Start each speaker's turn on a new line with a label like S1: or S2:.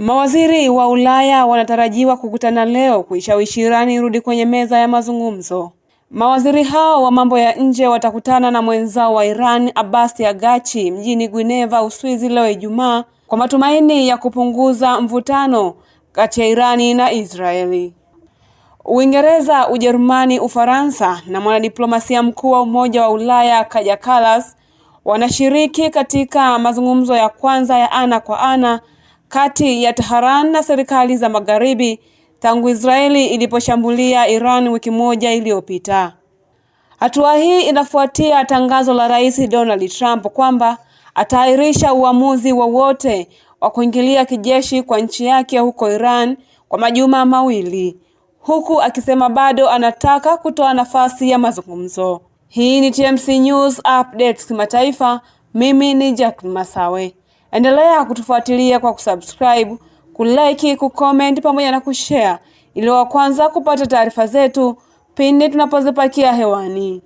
S1: Mawaziri wa Ulaya wanatarajiwa kukutana leo kuishawishi Irani irudi kwenye meza ya mazungumzo. Mawaziri hao wa mambo ya nje watakutana na mwenzao wa Iran, Abbas yagachi mjini guineva Uswizi leo Ijumaa kwa matumaini ya kupunguza mvutano kati ya Irani na Israeli. Uingereza, Ujerumani, Ufaransa na mwanadiplomasia mkuu wa Umoja wa Ulaya Kaja Kallas wanashiriki katika mazungumzo ya kwanza ya ana kwa ana kati ya Tehran na serikali za Magharibi tangu Israeli iliposhambulia Iran wiki moja iliyopita. Hatua hii inafuatia tangazo la Rais Donald Trump kwamba ataahirisha uamuzi wowote wa, wa kuingilia kijeshi kwa nchi yake huko Iran kwa majuma mawili, huku akisema bado anataka kutoa nafasi ya mazungumzo. Hii ni TMC News Updates kimataifa. Mimi ni Jack Masawe. Endelea kutufuatilia kwa kusubscribe, kulike, kucomment pamoja na kushare ili wa kwanza kupata taarifa zetu pindi tunapozipakia hewani.